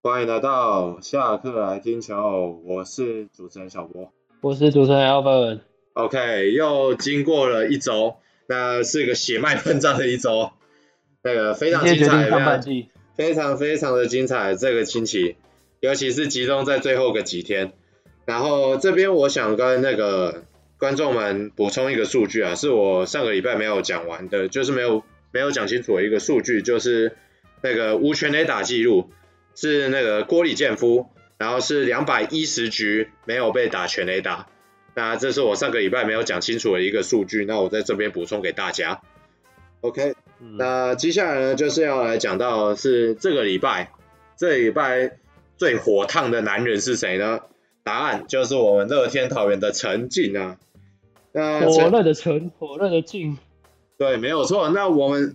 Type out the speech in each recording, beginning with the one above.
歡迎來到下課來聽球，我是主持人小柏，我是主持人 Alvin OK，又經過了一周，那是一個血脈噴張的一周，那個非常精彩，上半季，非常非常的精彩。這個星期，尤其是集中在最後個幾天。然後這邊我想跟那個觀眾們補充一個數據啊，是我上個禮拜沒有講完的，就是沒有沒有講清楚的一個數據，就是那個無全壘打紀錄。是那個郭李建夫，然後是兩百一十局沒有被打全壘打，那這是我上個禮拜沒有講清楚的一個數據，那我在這邊補充給大家。OK，嗯，那接下來呢就是要來講到是這個禮拜，這個禮拜最火燙的男人是誰呢？答案就是我們樂天桃園的陳進啊，那火熱的陳，火熱的進，對，沒有錯。那我們。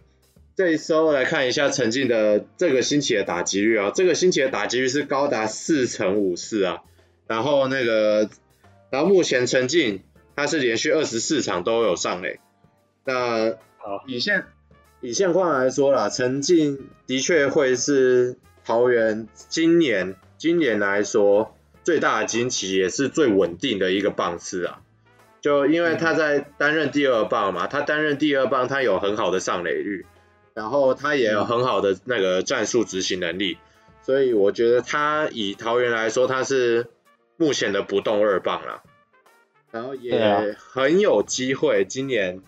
這一收來看一下陳靜的這個星期的打擊率啊、喔，這個星期的打擊率是高達四成五四啊，然後那個，然後目前陳靜他是連續二十四場都有上壘，那好，以現以現況來說啦，陳靜的確會是桃園今年今年來說最大的驚奇，也是最穩定的一個棒次啊，就因為他在擔任第二棒嘛，嗯、他擔任第二棒，他有很好的上壘率。然後他也有很好的那個戰術執行能力，所以我覺得他以桃園來說，他是目前的不動二棒了。然後也很有機會，今年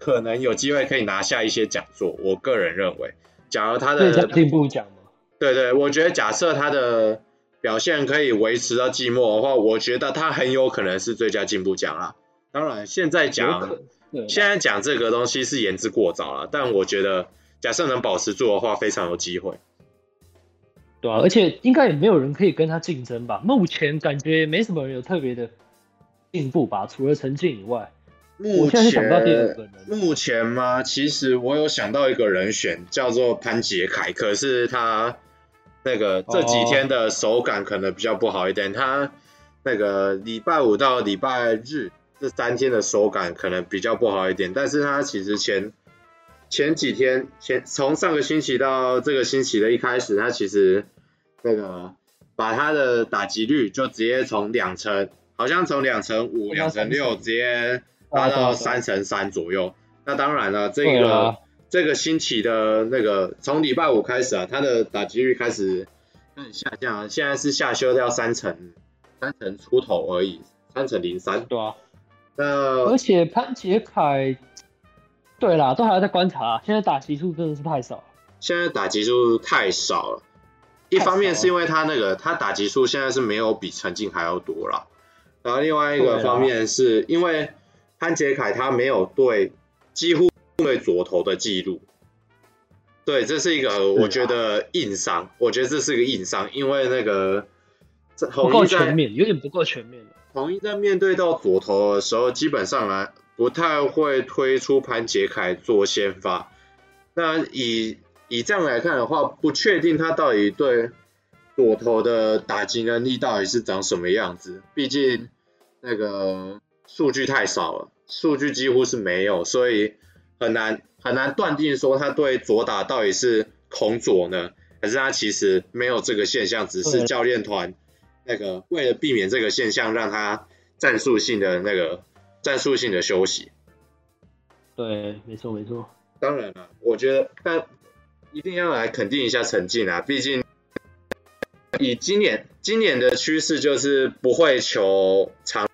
可能有機會可以拿下一些獎座。我個人認為，假如他的進步獎。對對，我覺得假設他的表現可以維持到季末的話，我覺得他很有可能是最佳進步獎啊。當然，現在講現在講這個東西是言之過早了，但我覺得。假設能保持住的話，非常有機會，對啊。而且應該也沒有人可以跟他競爭吧？目前感覺沒什麼人有特別的進步吧，除了陳靖以外。目前是想到個人？目前嗎？其實我有想到一個人選，叫做潘杰凱，可是他那個這幾天的手感可能比較不好一點。Oh. 他那個禮拜五到禮拜日這三天的手感可能比較不好一點，但是他其實前。前幾天，前從上個星期到這個星期的一開始，他其實那個把他的打擊率就直接從兩成，好像從兩成五、兩成六直接拉到三成三左右。那當然了，這個、啊、這個星期的那個從禮拜五開始啊，他的打擊率開始很下降，現在是下修到三成三成出頭而已，三成零三對、啊、那而且潘杰凱。對啦，都還要再觀察、啊。現在打擊數真的是太少。現在打擊數太，太少了，一方面是因為他那個他打擊數現在是沒有比陳靖還要多了，然後另外一個方面是因為潘杰凱他沒有對幾乎對左投的記錄。對，這是一個我覺得硬傷、啊，我覺得這是一個硬傷，因為那個不夠全面，有點不夠全面。統一在面對到左投的時候，基本上來。不太會推出潘杰凱做先發，那以以這樣來看的話，不確定他到底對左投的打擊能力到底是長什麼樣子，畢竟那個數據太少了，數據幾乎是沒有，所以很難很難斷定說他對左打到底是恐左呢，還是他其實沒有這個現象，只是教練團那個為了避免這個現象，讓他戰術性的那個。戰術性的休息，對，沒錯沒錯。當然了，我覺得但一定要來肯定一下成晉啊，畢竟以今年今年的趨勢就是不會求長。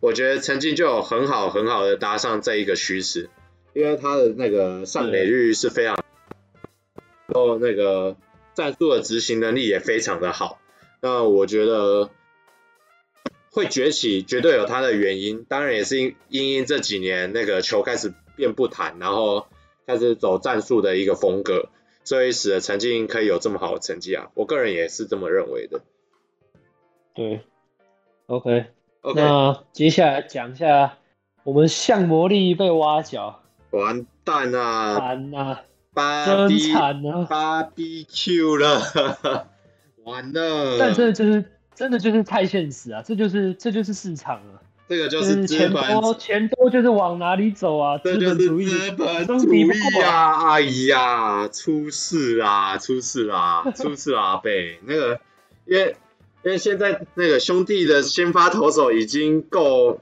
我覺得成晉就有很好很好的搭上這一個趨勢，因為他的那個上壘率是非常高，嗯，然後那個戰術的執行能力也非常的好。那我覺得。會崛起，絕對有它的原因，當然也是因，因因這幾年那個球開始變不彈，然後開始走戰術的一個風格，所以使得曾經可以有這麼好的成績啊，我個人也是這麼認為的。對，OK OK，那接下來講一下，okay. 我們象魔力被挖角，完蛋啊！慘吶，啊，Body, 真慘了，BBQ 了， 完了，但這就是。真的就是太現實啊！這就是這就是市場啊，這個就是錢、就是、多錢多就是往哪裡走啊！資、就是、本主義資本主義啊！哎呀，出事啦、啊、出事啦、啊、出事啦、啊！被 那個因為因為現在那個兄弟的先發投手已經夠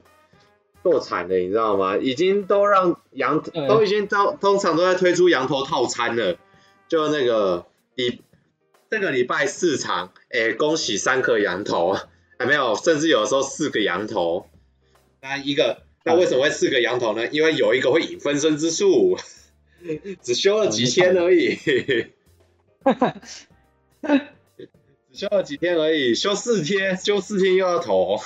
夠慘了，你知道嗎？已經都讓洋都已經到通常都在推出洋頭套餐了，就那個一。這個禮拜四場，哎、欸，恭喜三顆羊頭，還、哎、沒有，甚至有的時候四個羊頭。那一個，那為什麼會四個羊頭呢？因為有一個會引分身之術，只休了幾天而已。哈哈， 只休了幾天而已，休四天，休四天又要投。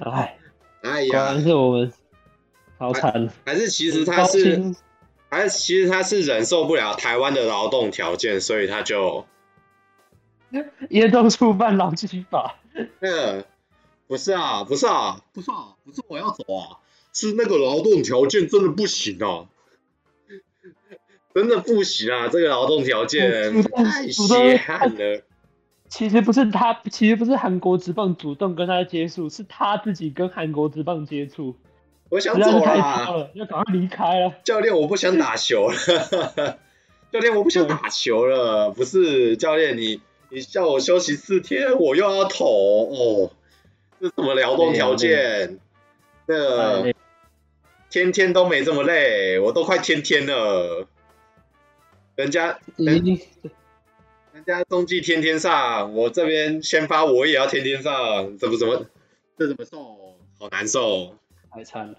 哎，哎呀，是我們，好慘。還是其實他是。他其實他是忍受不了台灣的勞動條件，所以他就也都觸犯勞基法。那、嗯、個不是啊，不是啊，不是啊，不是我要走啊，是那個勞動條件真的不行啊，真的不行啊，這個勞動條件太血汗了。其實不是他，其實不是韓國職棒主動跟他接觸，是他自己跟韓國職棒接觸。我想走啦，要趕快離開啊。教練，我不想打球了。 教練，我不想打球了。不是，教練，你你叫我休息四天，我又要投哦。這什麼勞動條件？那、哎哎這個哎、天天都沒這麼累，我都快天天了。人家人家中繼、哎、天天上，我這邊先發我也要天天上，怎麼怎麼？這怎麼送？好難受。台參，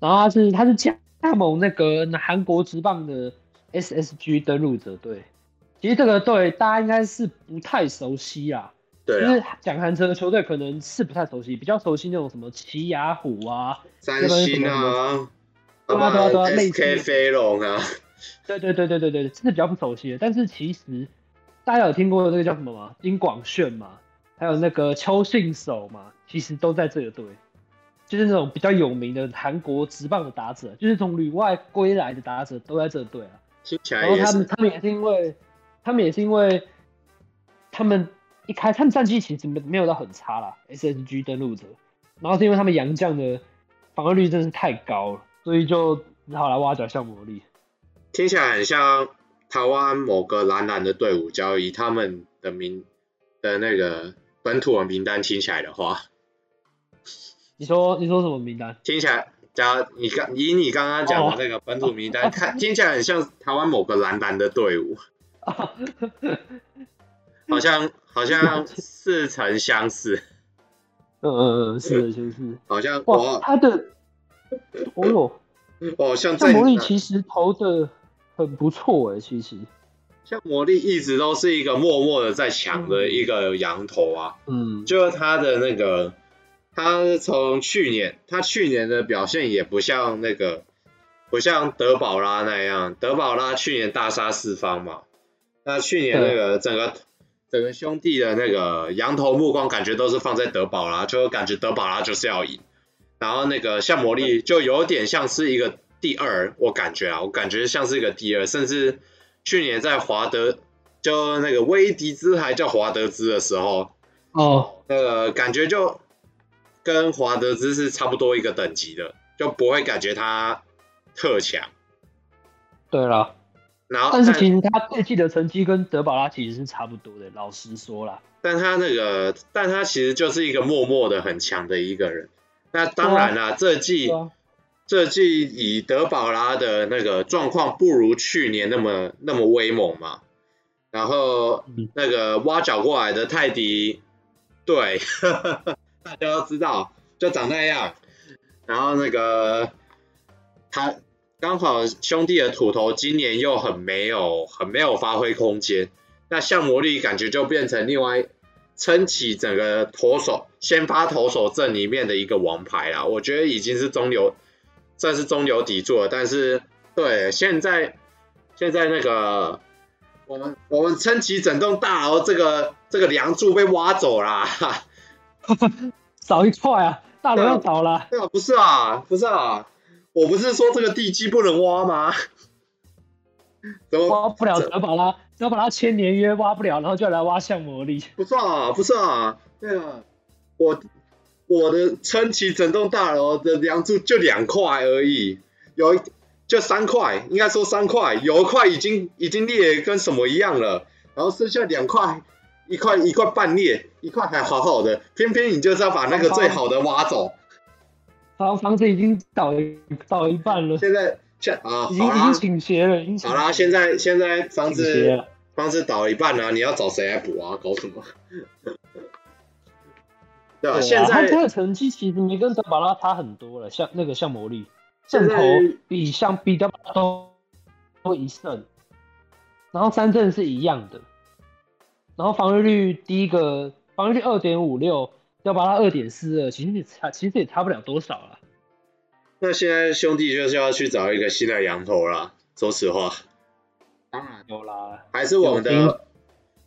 然後他是他是加盟那個韓國職棒的 SSG 登陸者隊。其實這個隊大家應該是不太熟悉啊，對。就是講韓城的球隊可能是不太熟悉，比較熟悉那種什麼起亞虎啊、三星啊、對、啊啊啊、 對對對對對，真的比較不熟悉的。但是其實大家有聽過這個叫什麼嗎？金廣鉉嘛，還有那個秋信守嘛，其實都在這個隊。就是那種比較有名的韓國職棒的打者，就是從旅外歸來的打者都在這隊啊。聽起來也是。然後他們，他們也是因為，他們也是因為，他們一開，他們戰績其實沒沒有到很差啦。SSG 登陸者，然後是因為他們洋將的防御率真是太高了，所以就只好來挖角象魔力。聽起來很像台灣某個藍藍的隊伍交易他們的名的那個本土人名單，聽起來的話。你說你說什麼名單？聽起來，假如你剛以你剛剛講的那個本土名單、oh. 看，聽起來很像台灣某個藍藍的隊伍，oh. 好像好像似曾相識，嗯 嗯嗯，似曾相識。好像我他的哦呦，哦、嗯、像象魔力其實投的很不錯哎，其實象魔力一直都是一個默默的在搶的一個羊頭啊，嗯，嗯就是他的那個。他從去年，他去年的表現也不像那個，不像德寶拉那樣。德寶拉去年大殺四方嘛，那去年那個整個、嗯、整個兄弟的那個洋投目光感覺都是放在德寶拉，就感覺德寶拉就是要贏。然後那個象魔力，就有點像是一個第二，我感覺啊，我感覺像是一個第二，甚至去年在華德就那個威迪茲還叫華德茲的時候，哦，那、呃、個感覺就。跟華德茲是差不多一個等級的，就不會感覺他特強。對了，然後但是其實他這季的成績跟德保拉其實是差不多的，老實說啦。但他那個，但他其實就是一個默默的很強的一個人。那當然啦、啊，這季、啊、這季以德保拉的那個狀況不如去年那麼那麼威猛嘛。然後那個挖角過來的泰迪，對。 大家都知道，就長那樣，然後那個他剛好兄弟的土投今年又很沒有，很沒有發揮空間。那象魔力感覺就變成另外撐起整個投手先發投手陣裡面的一個王牌啦。我覺得已經是中流，算是中流砥柱了。但是對，現在現在那個我們我們撐起整棟大樓這個這個樑柱被挖走啦，哈。少 一塊啊，大樓要倒了，啊。對啊，不是啊，不是啊，我不是說這個地基不能挖嗎？怎麼挖不了？怎麼只，只要把它，然後把它千年約挖不了，然後就來挖象魔力。不是啊，不是啊，對啊，我我的撐起整棟大樓的樑柱就兩塊而已，有一就三塊，應該說三塊，有一塊已經已經裂跟什麼一樣了，然後剩下兩塊。一塊一塊半裂，一塊還好好的，偏偏你就是要把那個最好的挖走。房子房子已經倒一倒一半了。現在現啊，已經已經傾斜了，已經。好啦，好啦，現在現在房子房子倒一半了，啊，你要找誰來補啊？搞什麼？ 對，啊對啊，現在他的成績其實沒跟德保拉差很多了，像那個像魔力，正投比像比德保拉多一勝，然後三振是一樣的。然後防禦率低一個，防禦率二點五六，要把它二點四二，其實也差，其實也差不了多少了、啊。那現在兄弟就是要去找一個新的洋投了，說實話。當、啊、然有啦。還是我們的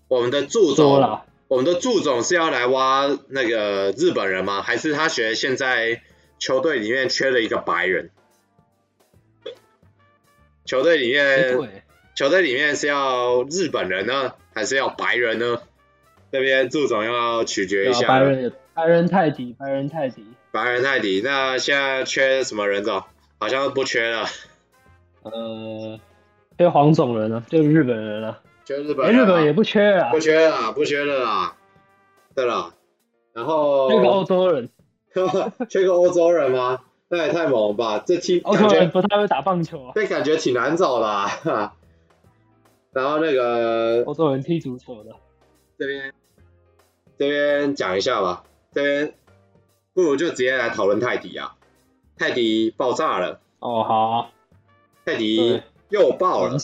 我們的助總啦，我們的助總是要來挖那個日本人嗎？還是他覺得現在球隊裡面缺了一個白人？球隊裡面。欸球隊裡面是要日本人呢，還是要白人呢？這邊祝總要取決一下。白人，白人泰迪，白人泰迪，白人泰迪。那現在缺什麼人種？好像不缺了。呃，缺黃種人啊，就是日本人了，缺日本人。人。日本也不缺啊，不缺了，不缺了啦。對了，然後缺個歐洲人。 缺個歐洲人嗎？那也太猛了吧！這聽感覺歐洲人不太會打棒球啊。這感覺挺難找的啊。 然後那個，歐洲人踢足球的。這邊這邊講一下吧，這邊不如就直接來討論泰迪啊，泰迪爆炸了，哦好、啊，泰迪又爆了，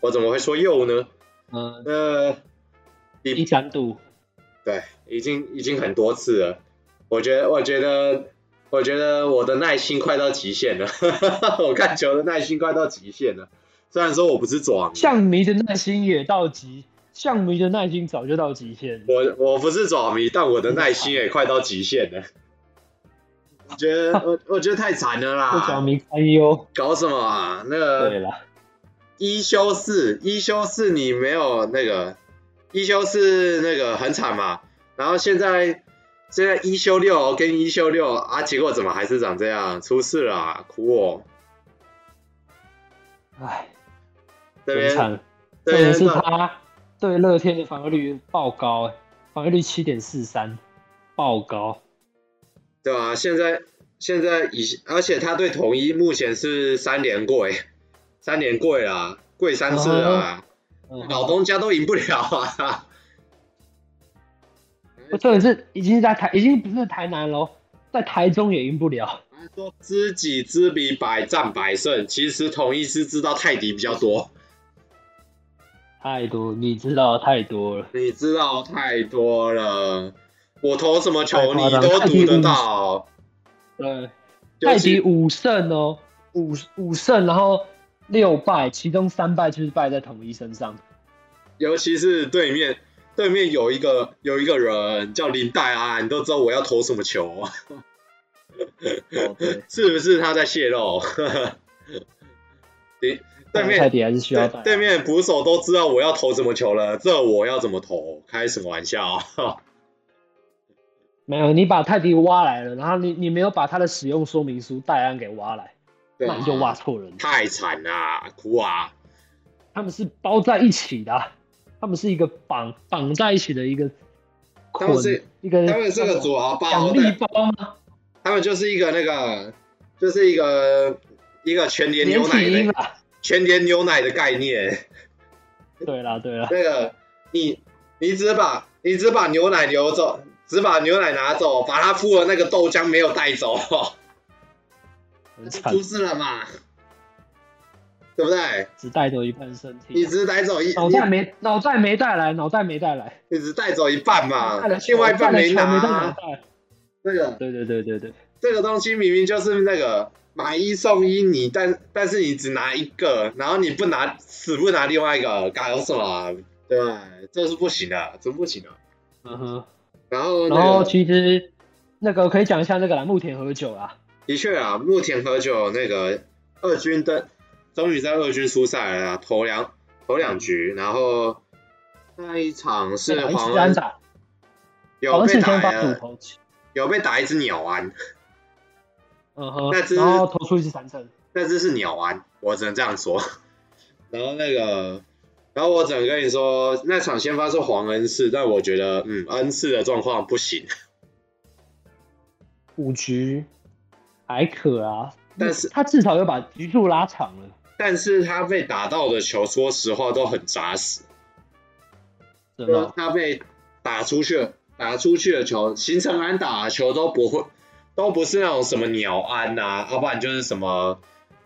我怎麼會說又呢？嗯，呃，一兩度，對，已經已經很多次了，我覺得我覺得我覺得我的耐心快到極限了， 我看球的耐心快到極限了。雖然說我不是爪迷，象迷的耐心也到極，象迷的耐心早就到極限。我我不是爪迷，但我的耐心也快到極限了 我我。我覺得我我覺得太慘了啦，爪迷堪憂。搞什麼啊？那個對啦，一休四，一休四你沒有那個，一休四那個很慘嘛。然後現在現在一休六跟一休六啊，結果怎麼還是長這樣？出事了啊，苦我。唉。對，這真是他對樂天的防御率爆高，防御率七點四三，爆高，對啊，現在現在已而且他對統一目前是三連跪，三連跪啊，跪三次啊，老東家都贏不了啊！真、嗯、的 是已經在台已經不是台南了，在台中也贏不了。說知己知彼，百戰百勝。其實統一是知道泰迪比較多。太多，你知道太多了。你知道太多了。我投什麼球，你都讀得到。對，泰迪五勝哦，五五勝，然後六敗，其中三敗就是敗在統一身上。尤其是對面，對面有一個有一個人叫林岱安，你都知道我要投什麼球。 okay. 是不是他在洩露？ 欸對面是對，對，對面捕手都知道我要投什麼球了，這我要怎麼投？開什麼玩笑，啊？沒有，你把泰迪挖來了，然後你你沒有把他的使用說明書戴安給挖來對，啊，那你就挖錯人了。太慘了，啊，哭啊！他們是包在一起的，他們是一個綁綁在一起的一個捆，他們是一個他們這個組合包，綁力包嗎？他們就是一個那個，就是一個一個全年牛奶的。全點牛奶的概念，對啦對啦， 那個你你只把你只把牛奶留走，只把牛奶拿走，把它附的那個豆漿沒有帶走，出 事了嘛，對不對？ 只帶走一半身體，你只帶走一腦袋沒腦袋沒帶來，腦袋沒帶來，你只帶走一半嘛，另外一半沒拿、腦袋沒帶來 那個，對的對對對對對，這個東西明明就是那個。買一送一你，你但但是你只拿一個，然後你不拿死不拿另外一個，搞有什麼、啊？對，這是不行的，真不行的。嗯、啊、哼。然後、那個、然後其實那個可以講一下這個牧田和久啊。的確啊，牧田和久那個二軍登，終於在二軍出賽了，頭兩頭兩局，然後那一場是黃安，被安黃有被打，有被打一隻鳥安嗯、uh、哼 -huh，然後投出一支三振那只是，是鳥安，我只能這樣說。然後那個，然後我只能跟你說，那場先發是黃恩賜，但我覺得，嗯，恩賜的狀況不行。五局，還可啊，但是他至少要把局數拉長了。但是他被打到的球，說實話都很扎實。真的，他被打出去了，打出去的球，形成難打的球都不會。都不是那種什麼鳥安吶、啊，阿、啊、不然就是什麼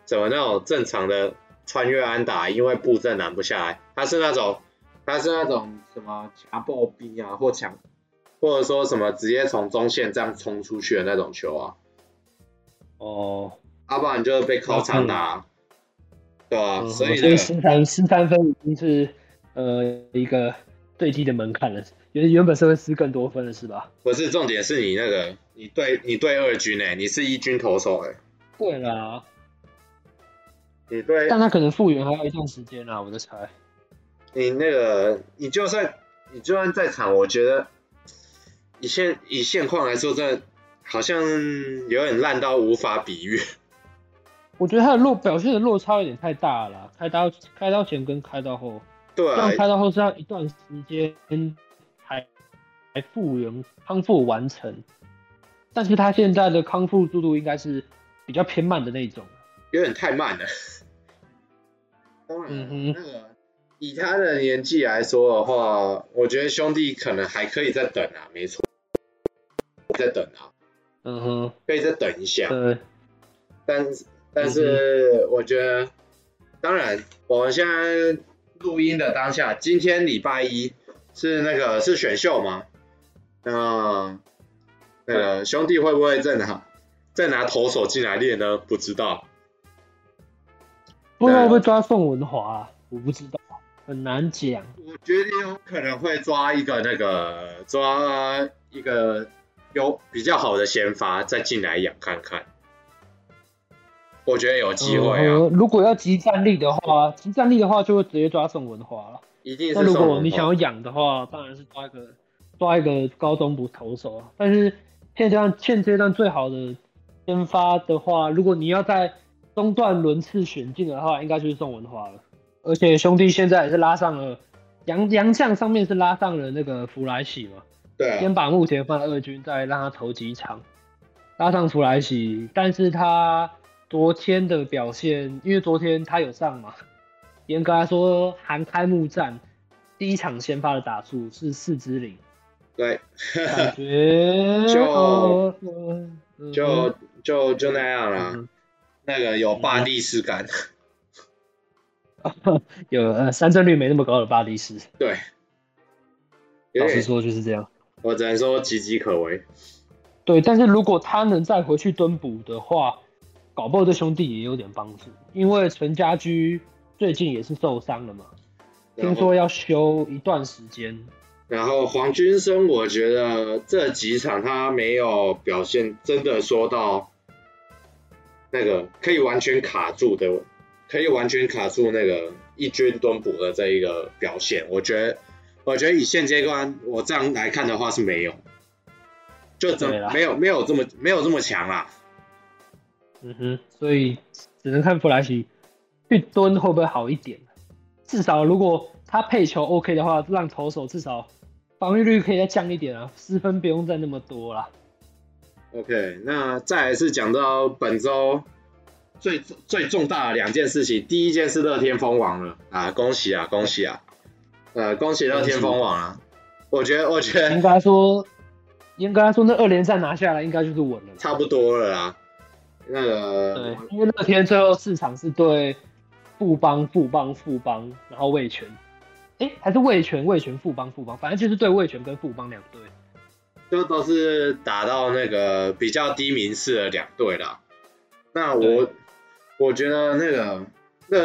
怎麼那種正常的穿越安打，因為佈陣攔不下來，他是那種他是那種什麼強暴兵啊，或強，或者說什麼直接從中線這樣衝出去的那種球啊。哦，阿不然就是被靠場打，oh, 對吧、啊？Oh, 所以十三十三分已經是呃一個。對機的門檻了，原原本是會失更多分了，是吧？不是，重點是你那個，你對，你對二軍呢、欸，你是一軍投手哎、欸，對啦，也對，但他可能復原還要一段時間啊，我在猜。你那個，你就算你就算在場，我覺得以現以現況來說，這好像有點爛到無法比喻。我覺得他的落表現的落差有點太大了，開刀開刀前跟開刀後。對這樣拍到後是要一段時間才才復原康復完成，但是他現在的康復速度應該是比較偏慢的那種，有點太慢了。當然，嗯哼，那個，以他的年紀來說的話，我覺得兄弟可能還可以再等啊，沒錯，再等啊，嗯哼，可以再等一下。對，呃，但是但是我覺得，嗯，當然，我們現在。錄音的當下，今天禮拜一，是那個是選秀嗎？呃，那個兄弟會不會正好再拿投手進來練呢？不知道，不知道會不會抓宋文華啊？我不知道，很難講。我覺得有可能會抓一個那個抓一個有比較好的先發再進來養看看。我覺得有機會、啊嗯嗯、如果要即戰力的話，即戰力的話就會直接抓宋文華了。一定是。那如果你想要養的話，當然是抓一個抓一個高中部投手啊。但是現階段現階段最好的先發的話，如果你要在中段輪次選進的話，應該就是宋文華了。而且兄弟現在也是拉上了洋洋將上面，是拉上了那個弗萊喜嘛。對、啊。先把目前放在二軍，再讓他投幾場，拉上弗萊喜，但是他。昨天的表現，因為昨天他有上嘛？嚴格來說，含開幕戰第一場先發的打數是四支零，對，感覺 就、哦嗯、就就就那樣啦、嗯。那個有霸地士感，嗯、 有呃三振率沒那麼高的霸地士，對，老實說就是這樣，我只能說岌岌可危。對，但是如果他能再回去蹲捕的話。搞不好對兄弟也有點幫助，因為陳家駒最近也是受傷了嘛，聽說要休一段時間。然後黃君生，我覺得這幾場他沒有表現，真的說到那個可以完全卡住的，可以完全卡住那個一軍蹲捕的這一個表現，我覺得，我覺得以現階段我這樣來看的話是沒有，就真沒有沒有這麼沒有這麼強啊。嗯哼，所以只能看弗萊奇去蹲會不會好一點，至少如果他配球 OK 的話，讓投手至少防禦率可以再降一點啊，失分不用再那麼多了。OK，那再來是講到本周最最重大的兩件事情，第一件是樂天封王了啊，恭喜啊，恭喜啊，呃，恭喜樂天封王啊。我覺得，我覺得應該說，應該說那二連勝拿下來，應該就是穩了，差不多了啊。那個對，因為樂天最後四場是對富，富邦、富邦、富邦，然後味全，哎，還是味全、味全、富邦、富邦、富邦，反正就是對味全跟富邦兩隊，就都是打到那個比較低名次的兩隊啦。那我我覺得那個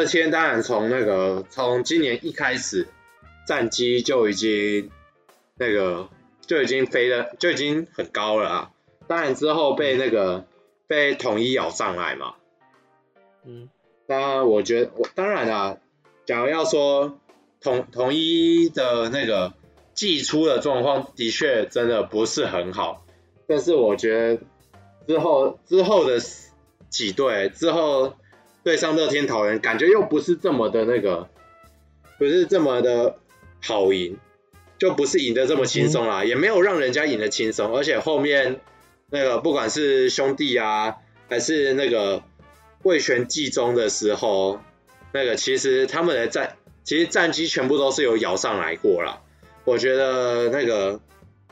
樂天，那當然從那個從今年一開始戰績，就已經那個就已經飛了,就已經很高了啊。當然之後被那個。嗯被統一咬上來嘛，嗯，當然我覺得，我當然啦、啊。假如要說統統一的那個寄出的狀況，的確真的不是很好。但是我覺得之後之後的幾隊之後對上樂天桃園，感覺又不是這麼的那個，不是這麼的好贏，就不是贏得這麼輕鬆啦、嗯，也沒有讓人家贏得輕鬆，而且後面。那個不管是兄弟啊，還是那個味全季中的時候，那個其實他們的戰，其實戰績全部都是有咬上來過啦。我覺得那個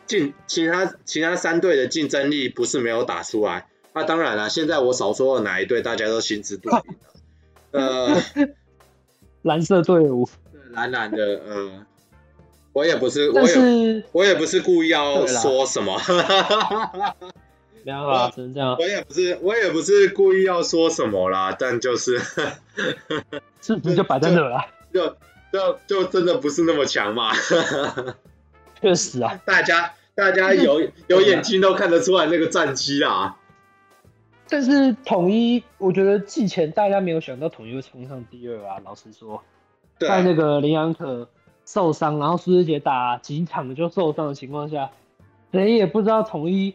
競其他其他三隊的競爭力不是沒有打出來。那、啊、當然了，現在我少說了哪一隊，大家都心知肚明、啊、呃，藍色隊伍，藍藍的，呃，我也不是，但是我也我也不是故意要說什麼。 這樣、啊，啊、這樣，我也不是，我也不是故意要說什麼啦，但就是，是不是就擺在那啦，就就就，就真的不是那麼強嘛？ 確實啊，大家大家有有眼睛都看得出來那個戰績啦、啊。但是統一，我覺得季前大家沒有想到統一會衝上第二啊。老實說，在、啊、那個林安可受傷，然後蘇智傑打幾場就受傷的情況下，誰也不知道統一。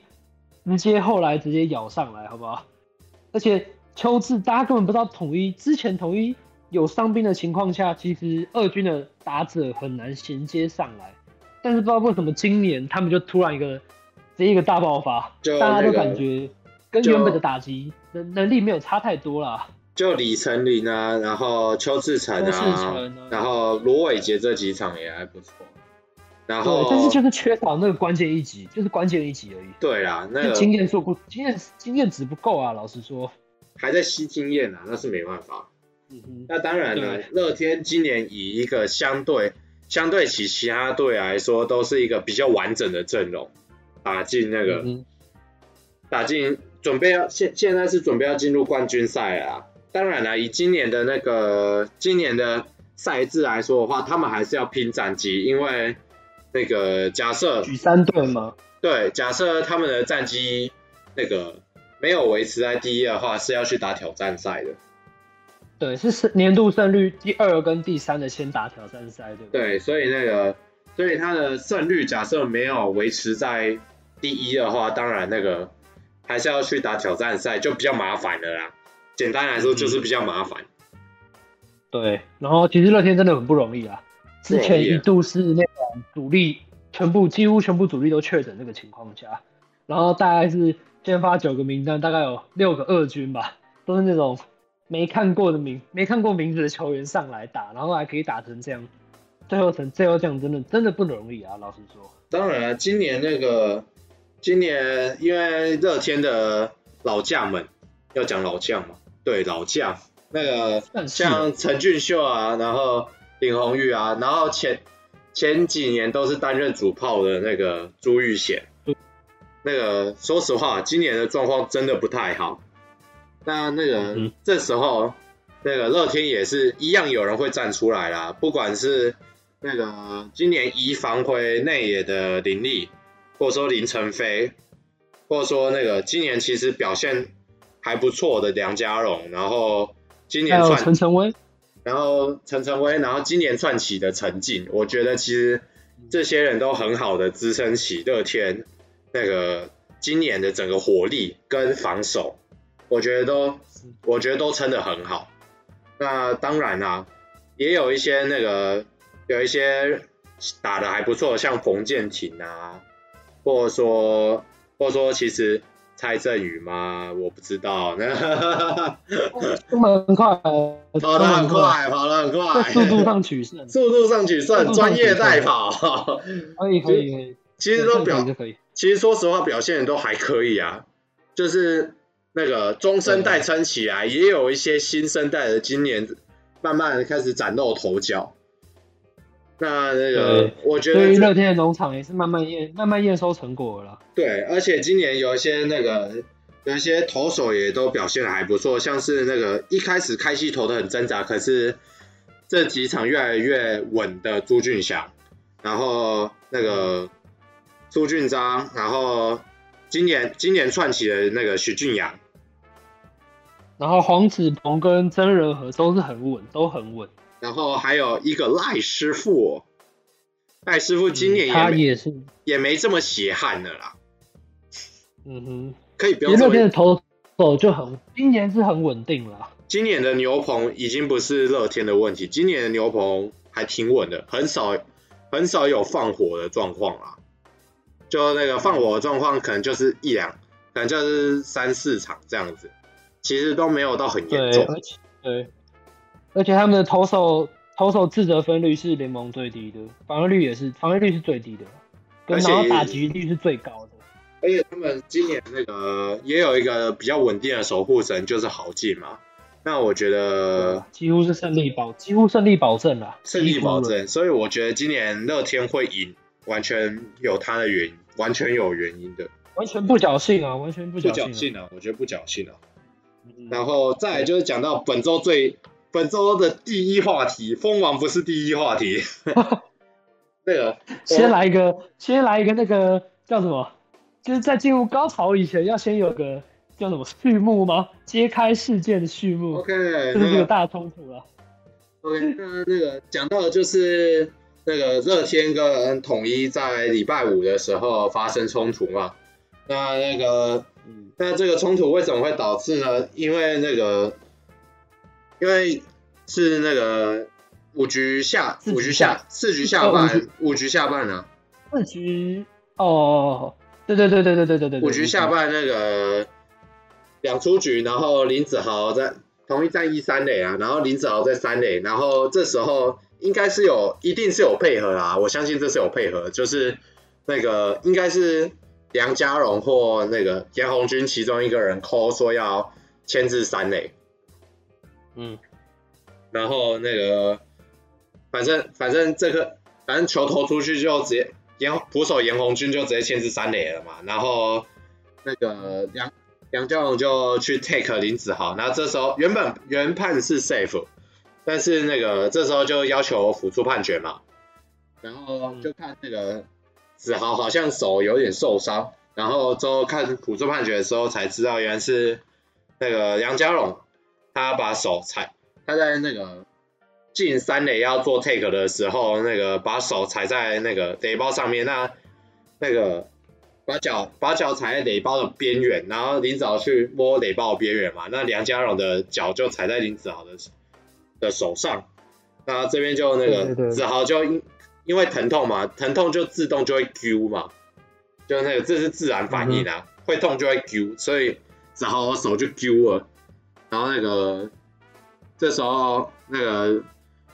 直接後來直接咬上來，好不好？而且秋智大家根本不知道統一之前統一有傷兵的情況下，其實二軍的打者很難銜接上來。但是不知道為什麼今年他們就突然一個這一個大爆發就、那個，大家都感覺跟原本的打擊能能力沒有差太多了。就李成林啊，然後邱志成啊，然後羅偉傑這幾場也還不錯。然後，但是就是缺少那個關鍵一擊，就是關鍵一擊而已。對啊，那個經驗不經驗經驗值不夠啊。老實說，還在吸經驗啊，那是沒辦法。嗯哼，那當然了，樂天今年以一個相對相對起其他隊來說，都是一個比較完整的陣容，打進那個、嗯、打進，準備要現現在是準備要進入冠軍賽啊。當然了，以今年的那個今年的賽制來說的話，他們還是要拼戰績，因為。那個假設舉三隊嗎？對，假設他們的戰績那個沒有維持在第一的話，是要去打挑戰賽的。對，是年度勝率第二跟第三的先打挑戰賽，對不對？對，所以那個，所以他的勝率假設沒有維持在第一的話，當然那個還是要去打挑戰賽，就比較麻煩的啦。簡單來說，就是比較麻煩。嗯。對，然後其實樂天真的很不容易啊。之前一度是那種主力，全部幾乎全部主力都確診那個情況下，然後大概是先發九個名單，大概有六個二軍吧，都是那種沒看過的名、沒看過名字的球員上來打，然後還可以打成這樣，最後成最後這樣真的真的不容易啊！老實說，當然啊，今年那個今年因為樂天的老將們要講老將嘛，對老將那個像陳俊秀啊，然後。林泓育啊，然後前前幾年都是擔任主炮的那個朱育賢，嗯、那個說實話，今年的狀況真的不太好。那那個、嗯、這時候，那個樂天也是一樣，有人會站出來啦，不管是那個今年移防回內野的林立，或者說林承飛，或者說那個今年其實表現還不錯的梁家榮，然後今年陳晨威。然後陳晨威，然後今年竄起的陳靜，我覺得其實，這些人都很好的支撐起樂天那個今年的整個火力跟防守，我覺得都，我覺得都撐得很好。那當然啊，也有一些那個有一些打得還不錯，像馮建挺啊，或者說或者說其實。蔡振宇嗎？我不知道。那，跑得很快，跑得很快，跑得很快，很快速度上取勝，速度上取勝，專業代跑。可以可以，可以，其實都表，其實說實話表現都還可以啊。就是那個中生代撐起來，也有一些新生代的今年慢慢開始嶄露頭角。那那個，我覺得樂天的農場也是慢慢驗、慢慢驗收成果了。對，而且今年有一些那個，有一些投手也都表現得還不錯，像是那個一開始開季投的很掙扎，可是這幾場越來越穩的朱俊祥，然後那個朱俊章，然後今年今年串起的那個徐俊陽，然後黃子鵬跟曾仁和都是很穩，都很穩。然後還有一個賴師傅、哦，賴師傅今年也沒、嗯、也，也沒這麼血汗的啦。嗯哼，可以不要說。樂天投手就很，今年是很穩定啦。今年的牛棚已經不是樂天的問題，今年的牛棚還挺穩的，很少很少有放火的狀況啦。就那個放火的狀況，可能就是一兩，可能就是三四場這樣子，其實都沒有到很嚴重。對。對而且他們的投手投手自責分率是聯盟最低的，防御率也是防御率是最低的，對，然後打擊率是最高的。而且他們今年那個也有一個比較穩定的守護神，就是豪進嘛。那我覺得幾乎是勝利保幾乎勝利保證了，勝利保證。所以我覺得今年樂天會贏，完全有他的原因，完全有原因的。嗯、完全不僥幸啊！完全不僥幸啊，不僥幸啊、嗯！我覺得不僥幸啊、嗯。然後再來就是講到本周最。本周的第一話題，封王不是第一話題。 那個，先來一個，先來一個，那個叫什麼？就是在進入高潮以前，要先有個叫什麼序幕嗎？揭開事件的序幕。OK，這是，是有一個大衝突了、啊。OK，那那個講到的就是那個樂天跟統一在禮拜五的時候發生衝突嘛？那那個，嗯、那這個衝突為什麼會導致呢？因為那個。因為是那個五局下,四局下五局下四局下半五局,五局下半啊，四局哦，對對對對對對對五局下半那個兩出局，然後林子豪在同一戰一三壘啊，然後林子豪在三壘，然後這時候應該是有一定是有配合啊，我相信這是有配合，就是那個應該是梁家榮或那個嚴紅軍其中一個人 call 說要牽制三壘。嗯，然後那個，反正反正這個，反正球投出去就直接嚴捕手嚴紅軍就直接牽制三壘了嘛，然後那個梁梁家榮就去 take 林子豪，然後這時候原本原判是 safe，但是那個這時候就要求輔助判決嘛，然後就看那個子、嗯、豪好像手有點受傷，然後之後看輔助判決的時候才知道原來是那個梁家榮。他把手踩，他在那個進三壘要做 tag 的時候，那個把手踩在那個壘包上面，那那個把腳把腳踩在壘包的邊緣，然後林子豪去摸壘包的邊緣嘛，那梁家榮的腳就踩在林子豪的的手上，那這邊就那個子豪就因因為疼痛嘛，疼痛就自動就會 q 嘛，就是那個這是自然反應啊，會痛就會 q 所以子豪的手就 q 了。然後那個，這時候那個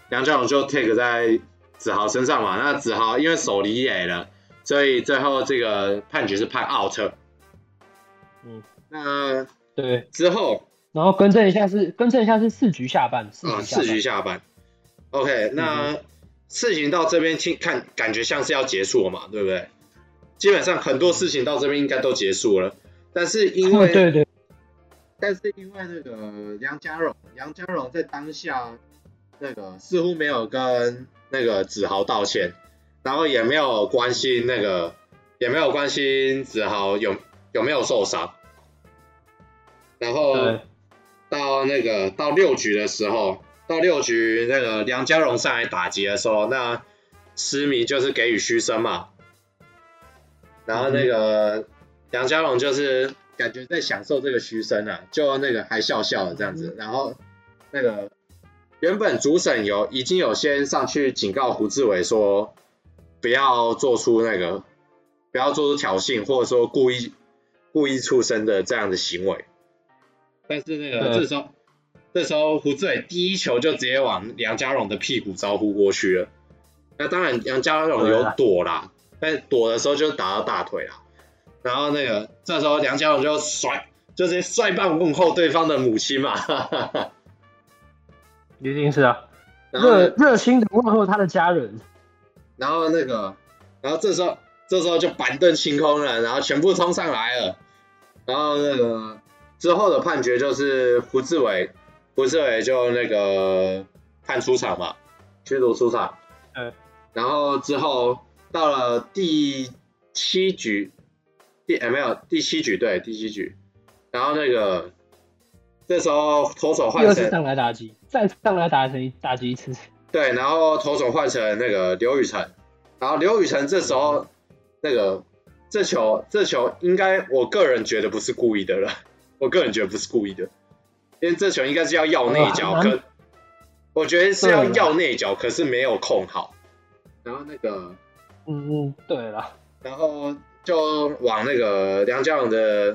梁家榮就 take 在子豪身上嘛，那子豪因為手離壘了，所以最後這個判決是判 out。嗯，那對之後，然後更正一下，是更正一下是四局下半，四局下半。哦，下半，嗯、OK，那事情到這邊聽看感覺像是要結束了嘛，對不對？基本上很多事情到這邊應該都結束了，但是因為、哦、對對。但是因為那個梁家榮，梁家榮在當下那個似乎沒有跟那個子豪道歉，然後也沒有關心那個，也沒有關心子豪有有沒有受傷。然後到那個到六局的時候，到六局那個梁家榮上來打擊的時候，那獅迷就是給予噓聲嘛。然後那個梁家榮就是，感覺在享受這個噓聲啊，就那個還笑笑的這樣子，然後那個原本主審有已經有先上去警告胡志偉說不要做出那個不要做出挑釁或者說故意故意出聲的這樣的行為，但是那個那這時候、嗯、這時候胡志偉第一球就直接往梁家榮的屁股招呼過去了，那當然梁家榮有躲啦，嗯啊、但躲的時候就打到大腿啦。然後那個，這時候梁家榮就甩，就是甩棒問候對方的母親嘛，哈哈，一定是啊，然後熱熱心的問候他的家人。然後那個，然後這時候這時候就板凳清空了，然後全部衝上來了。然後那個之後的判決就是胡志偉，胡志偉就那個判出場嘛，驅逐出場。嗯，然後之後到了第七局。ml 第、欸、第七局對第七局，然後那個這時候投手換成再次上來打擊，再上來打打擊一次。對，然後投手換成那個劉雨辰，然後劉雨辰這時候、嗯、那個這球這球應該我個人覺得不是故意的了，我個人覺得不是故意的，因為這球應該是要要內角，跟。我覺得是要要內角，可是沒有控好。然後那個嗯嗯，對了，然後。就往那個梁家榮的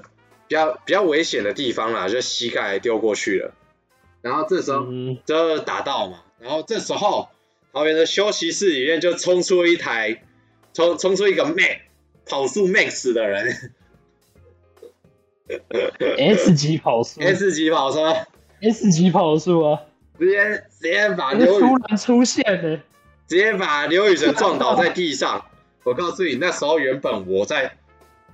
比較比較危險的地方啦，就膝蓋丟過去了。然後這時候，嗯，就打到嘛，然後這時候旁邊的休息室裡面就衝出一台衝衝出一個 Max 跑速 Max 的人，S 級跑速，S 級跑車，S 級跑速啊！直接直接把劉突然出現的，直接把劉雨辰撞倒在地上。 我告訴你，那時候原本我在，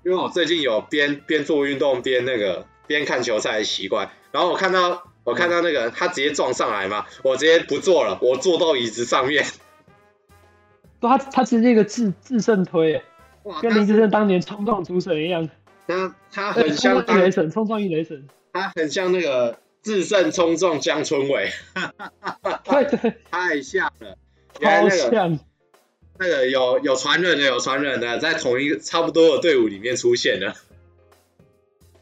因為我最近有邊邊做運動邊那個邊看球賽的習慣，然後我看到我看到那個他直接撞上來嘛，我直接不做了，我坐到椅子上面。他他是一個智智勝推，跟林智勝當年衝撞竹神一樣。他他很像大雷神衝撞一雷神，他很像那個智勝衝撞江春偉， 太像了，太、那個、像。那個有有傳染的，有傳染的，在同一個差不多的隊伍裡面出現了，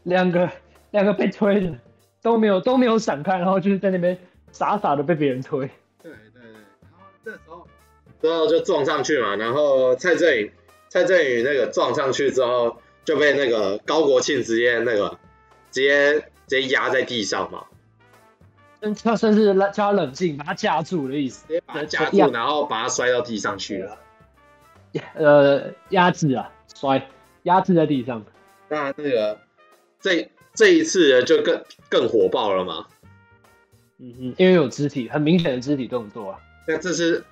兩個兩個被推的都沒有都沒有閃開，然後就是在那邊傻傻的被別人推。對對對，然後這時候之後就撞上去嘛，然後蔡振宇蔡振宇那個撞上去之後就被那個高國慶直接那個直接直接壓在地上嘛。他算是叫他冷靜，把他架住的意思。直接把他架住，然後把他摔到地上去了。嗯、呃，壓制啊，摔，壓制在地上。那那個，這這一次就更更火爆了嘛。嗯哼，因為有肢體，很明顯的肢體動作啊。那這次，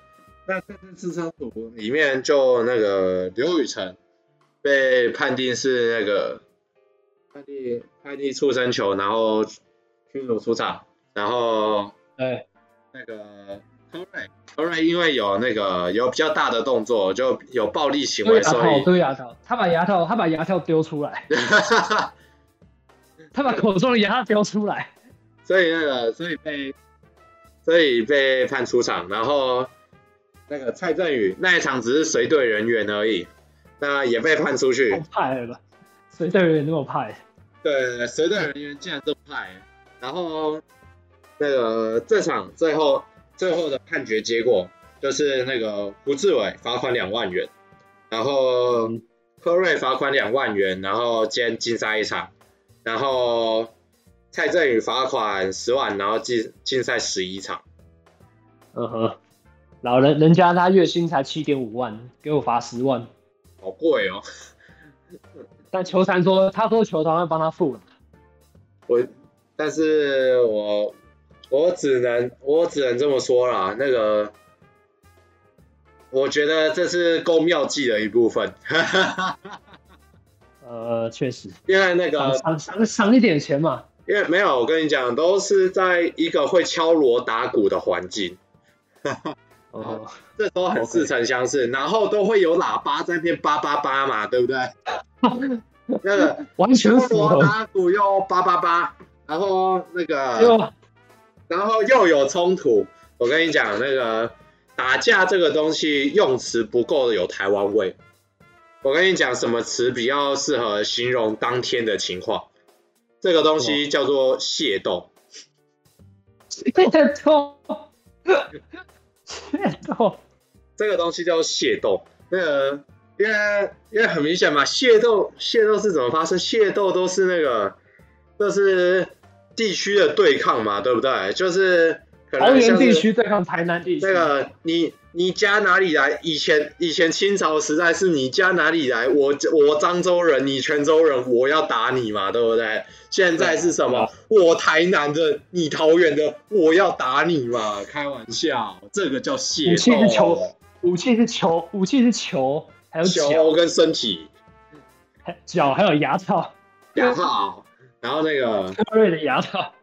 那這次支撐組裡面就那個劉雨辰被判定是那個判定判定觸身球，然後驅逐出場。然後，哎，那個歐瑞，歐瑞因為有那個有比較大的動作，就有暴力行為，就是、所以打對、就是、牙套，他把牙套，他把牙套丟出來， 他把口中的牙丟出來， 所以那個，所以被，所以被判出場。然後那個蔡振宇那一場只是隨隊人員而已，那也被判出去派了，隨隊人員都派，對,對,對，隨隊人員竟然都派，然後。那個這場最後最後的判決結果就是那個胡志偉罰款兩萬元，然後柯瑞罰款兩萬元，然後兼禁賽一場，然後蔡振宇罰款十萬，然後禁禁賽十一場。嗯哼，老人人家他月薪才七點五萬，給我罰十萬，好貴哦。 但球團說，他說球團會幫他付了。我，但是我。我只能我只能這麼說啦，那個，我覺得這是宮廟季的一部分， 呃，確實，因為那個省省一點錢嘛。因為沒有，我跟你講，都是在一個會敲鑼打鼓的環境， 哦、啊，這都很似曾相識、哦 okay，然後都會有喇叭在那邊叭叭叭嘛，對不對？那個完全符合，敲鑼打鼓又叭叭叭，然後那個。然後又有衝突，我跟你講，那個打架這個東西用詞不夠的有台灣味。我跟你講，什麼詞比較適合形容當天的情況？這個東西叫做械鬥。械、哦、鬥，械、哦、鬥， 這個東西叫械鬥。那個，因為因為很明顯嘛，械鬥械鬥是怎麼發生？械鬥都是那個，都、就是。地區的對抗嘛，對不對？就是桃園地區對抗台南地區。那、這個，你你家哪裡來？以前以前清朝時代，是你家哪裡來？我我漳州人，你泉州人，我要打你嘛，對不對？現在是什麼？我台南的，你桃園的，我要打你嘛？開玩笑，這個叫械鬥。武器是球，武器是球，武器是球，還有球，球跟身體，腳還有牙套，牙套。然後那個瑞的牙套，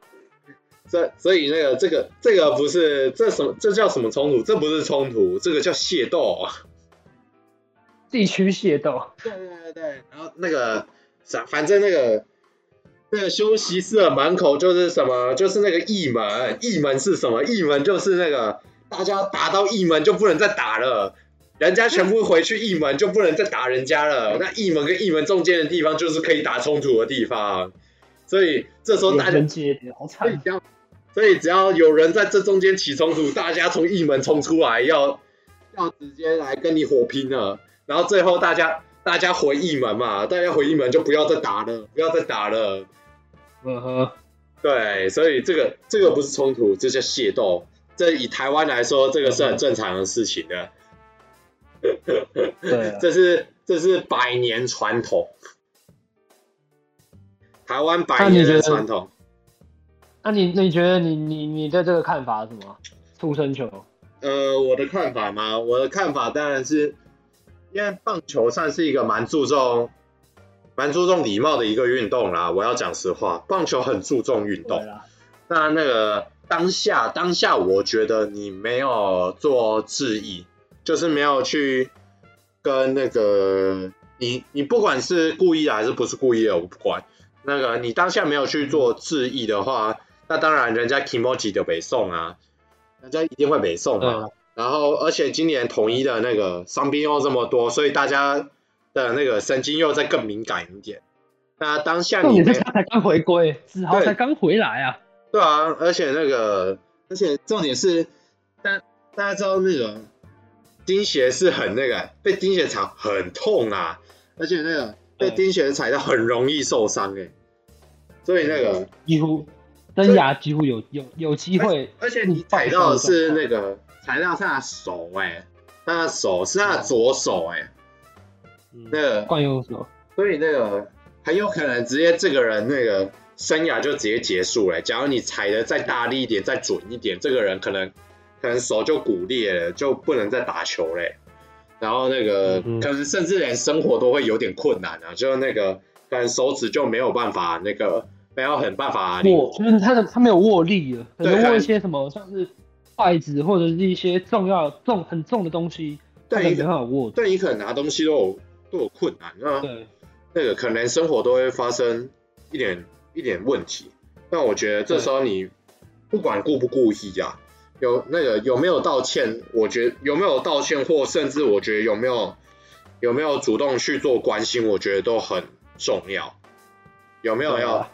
所以那個這個這個不是這什麼這叫什麼衝突？這不是衝突，這個叫械鬥，地區械鬥。 對對對對，然後那個啥，反正那個那個休息室的門口就是什麼，就是那個一門一門是什麼？一門就是那個大家打到一門就不能再打了，人家全部回去一門就不能再打人家了。 那一門跟一門中間的地方就是可以打衝突的地方。所以這時候大家人好所，所以只要有人在這中間起衝突，大家從一門衝出來要，要要直接來跟你火拼了。然後最後大家大家回一門嘛，大家回一門就不要再打了，不要再打了。嗯哼，對，所以這個這個不是衝突，這叫械鬥。這以台灣來說，這個是很正常的事情的。Uh-huh. 這是這是百年傳統。台灣百年的傳、啊、統。那、啊、你你覺得你你你對這個看法是什麼？出生球。呃，我的看法嗎？我的看法當然是，因為棒球算是一個蠻注重、蠻注重禮貌的一個運動啦。我要講實話，棒球很注重運動。那那個當下，當下我覺得你沒有做質疑，就是沒有去跟那個你你不管是故意的還是不是故意的，我不管。那個，你當下沒有去做質疑的話，那當然人家 Kimochi 就北送啊，人家一定會北送啊。然後，而且今年統一的那個傷兵又這麼多，所以大家的那個神經又再更敏感一點。那當下你是他才剛回歸，子豪才剛回來啊。對啊，而且那個，而且重點是，大大家知道那個釘鞋是很那個，被釘鞋鏟，很痛啊，而且那個。被釘鞋踩到很容易受傷哎，所以那個幾乎生涯幾乎有有有機會而，而且你踩到的是那個踩到他的手，他的手是他手哎，他手是他左手哎、嗯，那個慣用手，所以那個很有可能直接這個人那個生涯就直接結束了。假如你踩得再大力一點、嗯、再準一點，這個人可能可能手就骨裂了，就不能再打球嘞。然後那個，嗯、可是甚至連生活都會有點困難啊，就是那個，可能手指就沒有辦法，那個沒有很辦法。握，就是他的他沒有握力了，可能握一些什麼像是筷子或者是一些重要重很重的東西，對你很好握，對，對你可能拿東西都有都有困難啊。對。那個可能生活都會發生一點一點問題，那我覺得這時候你不管顧不顧忌呀。有那個有沒有道歉？我覺得有沒有道歉，或甚至我覺得有沒有有沒有主動去做關心？我覺得都很重要。有沒有要、嗯啊、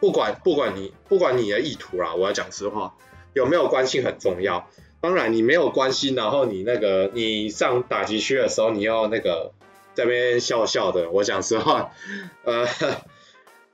不管不管你不管你的意圖啦、啊？我要講實話，有沒有關心很重要。當然你沒有關心，然後你那個你上打擊區的時候，你要那個在這邊笑笑的。我講實話，呃，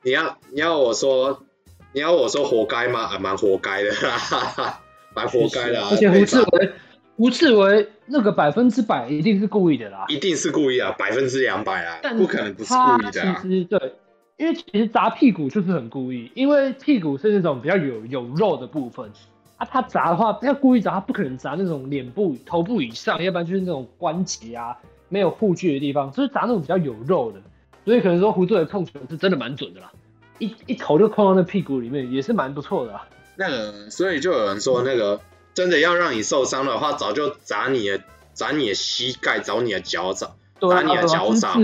你要你要我說你要我說活該嗎？還蠻、啊、活該的、啊。呵呵蠻活該的、啊、而且胡志偉，胡志偉那個百分之百一定是故意的啦，一定是故意啊，百分之兩百啊，但不可能不是故意的。他其實對，因為其實砸屁股就是很故意，因為屁股是那種比較有有肉的部分啊。他砸的話要故意砸，他不可能砸那種臉部、頭部以上，要不然就是那種關節啊，沒有護具的地方，就是砸那種比較有肉的。所以可能說胡志偉控球是真的蠻準的啦，一一頭就碰到那屁股裡面，也是蠻不錯的啦。那個，所以就有人說，那個真的要讓你受傷的話，早就砸你的砸你的膝蓋，砸你的腳掌，砸你的腳掌，啊、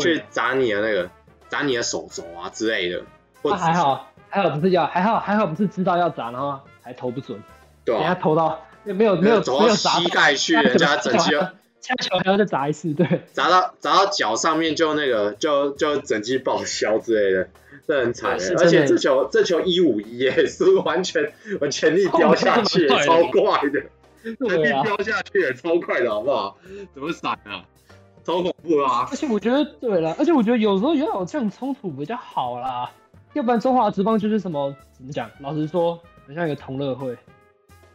去砸你的那個砸你的手肘啊之類的，啊或。還好，還好不是要，還好還好不是知道要砸然後，還投不準。對啊，人家投到沒有沒有沒有走到膝蓋去人家整季。 下球還要再砸一次，對，砸到砸到腳上面，就那個就就整機報銷之類的，這很慘。而且這球這球一五一也是完全我全力飆下去，超快的，全力飆下去也超快的，快的快的好不好？啊、怎麼閃啊？超恐怖啊！而且我覺得對啦，而且我覺得有時候有點這樣衝突比較好啦，要不然中華職棒就是什麼怎麼講？老實說，很像一個同樂會。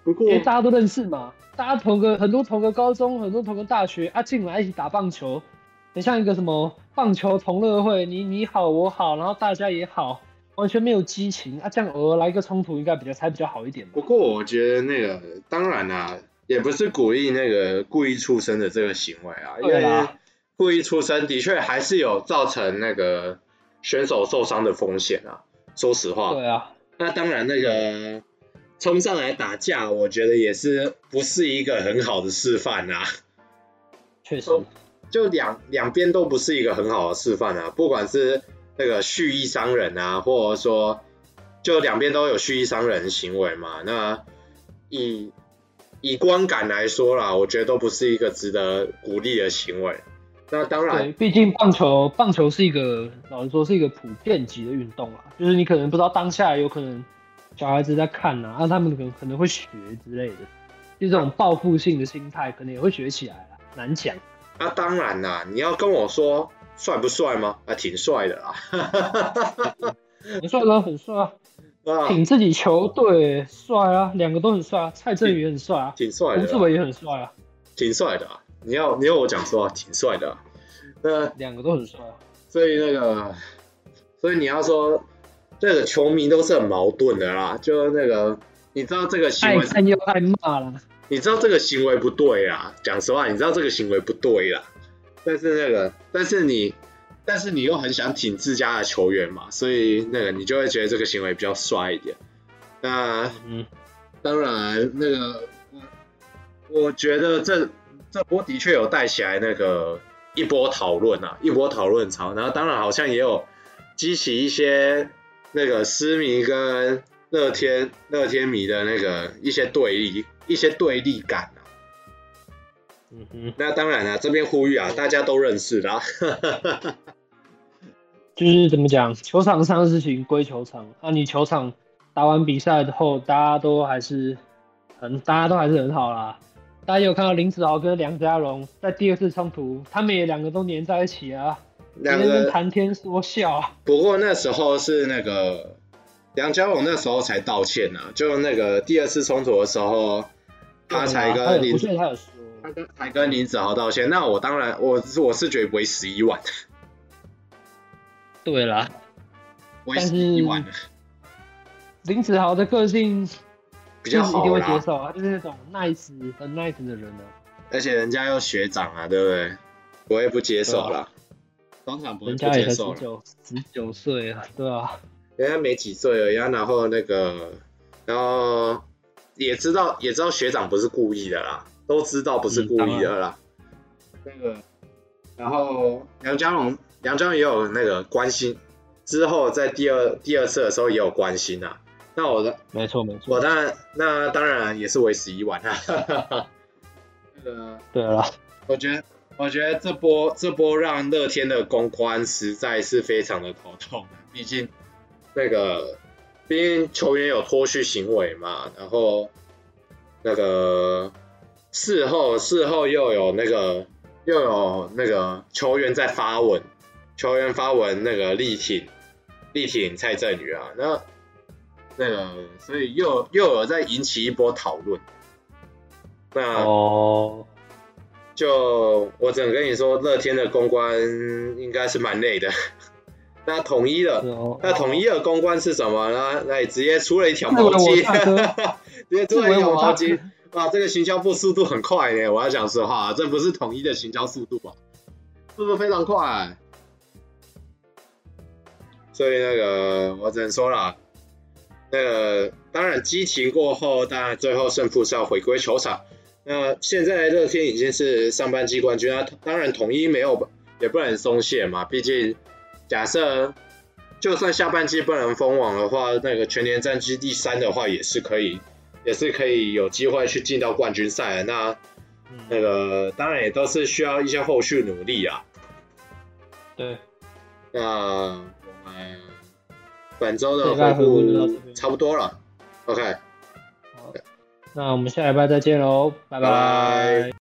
不過，哎、欸，大家都認識嘛，大家同個很多同個高中，很多同個大學，啊，進來一起打棒球，很像一個什麼棒球同樂會，你你好我好，然後大家也好，完全沒有激情啊，這樣偶爾來一個衝突應該比較才比較好一點。不過我覺得那個當然啦、啊，也不是鼓勵那個故意出生的這個行為啊，因為故意出生的確還是有造成那個選手受傷的風險啊，說實話。對啊。那當然那個。衝上來打架，我覺得也是不是一個很好的示範啊。確實，就兩兩邊都不是一個很好的示範啊。不管是那個蓄意傷人啊，或者說就兩邊都有蓄意傷人的行為嘛。那以以觀感來說啦，我覺得都不是一個值得鼓勵的行為。那當然，對，畢竟棒球，棒球是一個老實說是一個普遍級的運動啊。就是你可能不知道當下有可能。小孩子在看吶、啊，那、啊、他們可可能會學之類的，就這種報復性的心態，可能也會學起來啊，難講。啊，當然啦，你要跟我說帥不帥嗎？啊，挺帥的啊 很帥啊，很帥啊，挺自己球隊帥啊，兩個都很帥啊，蔡振宇也很帥啊，挺帥，吳志偉也很帥啊，挺帥的啊，你要你要我講說帥啊，挺帥的，那兩個都很帥，所以那個，所以你要說。這個球迷都是很矛盾的啦，就那個，你知道這個行為太太太罵，你知道這個行為不對啦。講實話，你知道這個行為不對啦，但是那個，但是你，但是你又很想挺自家的球員嘛，所以那個你就會覺得這個行為比較帥一點。那嗯，當然那個，我覺得這這波的確有帶起來那個一波討論啊，一波討論潮。然後當然好像也有激起一些。那個獅迷跟樂天樂天迷的那個一些對立，一些對立感啊。嗯哼，那當然了、啊，這邊呼籲啊、嗯，大家都認識的、啊。 就是怎麼講，球場上的事情歸球場。那、啊、你球場打完比賽之後，大家都還是很，大家都還是很好啦。大家有看到林子豪跟梁家榮在第二次衝突，他們也兩個都黏在一起啊。兩個人談天說笑啊。不過那時候是那個梁家龍那時候才道歉呢、啊，就那個第二次衝突的時候，他才跟林子豪道歉。才跟林子豪道歉，那我當然我我是覺得為時已晚。對啦一了，但是林子豪的個性，比較好一定會接受、啊，就是那種耐、nice, 心很 nice 的人呢。而且人家又學長啊，對不對？我也不接受了。當場不會不接受了。十九歲了，對啊，人家沒幾歲而已啊。然後那個，然後也知道也知道學長不是故意的啦，都知道不是故意的啦。嗯、那個，然後梁家榮，梁、嗯、家榮也有那個關心，之後在第二第二次的時候也有關心啊。那我的，沒錯沒錯，我當然那當然也是為時已晚啦。 那個，對了，我覺得。我覺得這波這波讓樂天的公關實在是非常的頭痛的，畢竟那個畢竟球員有脫序行為嘛，然後那個事後事後又有那個又有那個球員在發文，球員發文那個力挺力挺蔡振宇啊，那那個所以又又有在引起一波討論，那哦。Oh. 就我只能跟你說，樂天的公關應該是蠻累的。那統一的、哦，那統一的公關是什麼呢？那你直接出了一條毛巾我我，直接出了一條毛巾。哇、啊，這個行銷部速度很快耶！我要講實話，這不是統一的行銷速度吧？速度非常快。所以那個，我只能說了。那個，當然激情過後，當然最後勝負是要回歸球場。那現在樂天已經是上半季冠軍，那當然統一沒有也不能鬆懈嘛。畢竟，假設就算下半季不能封王的話，那個全年戰績第三的話，也是可以，也是可以有機會去進到冠軍賽的。那那個當然也都是需要一些後續努力啊。對，那我們本週的回顧差不多了，OK。那我們下禮拜再見嘍，拜拜。Bye.